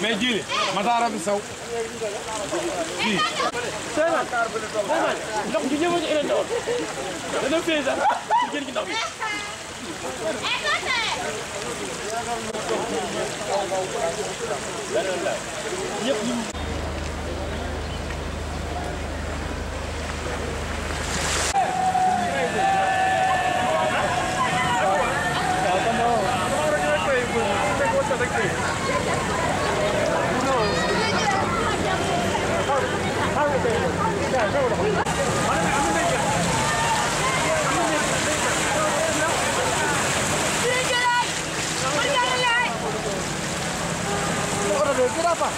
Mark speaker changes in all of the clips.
Speaker 1: mais jili Matar bi saw fii. Seydou ndox bi ñëwoon ci élection bi dana fee sax ci génn gi ndox bi. ñëpp ñu. berapa?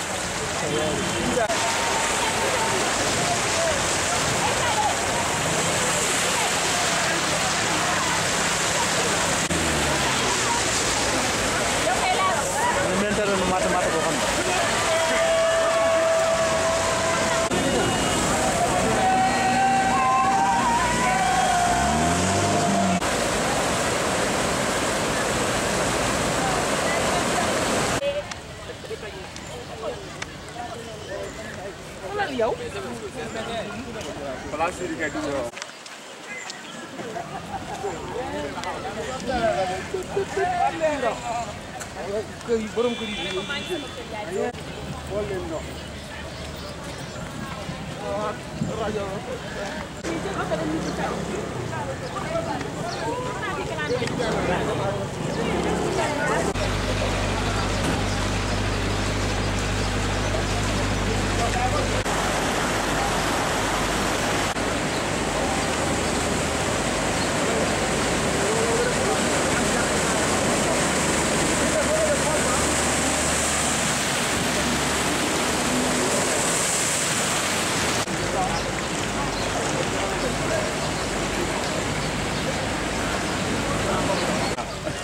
Speaker 1: yow. kër yi borom kër yi. rajo.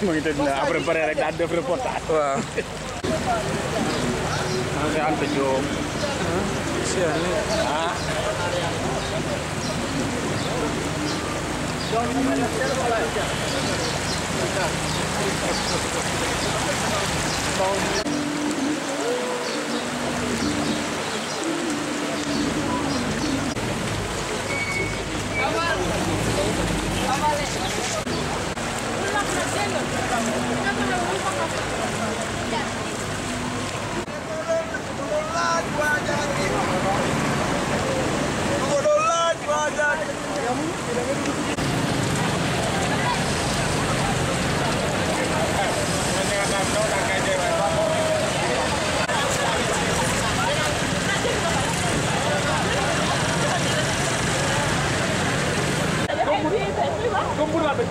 Speaker 1: mu ngi tëdd na après pare rek daal def reportage. waaw. maa ngi Anta Diop. ah. ah.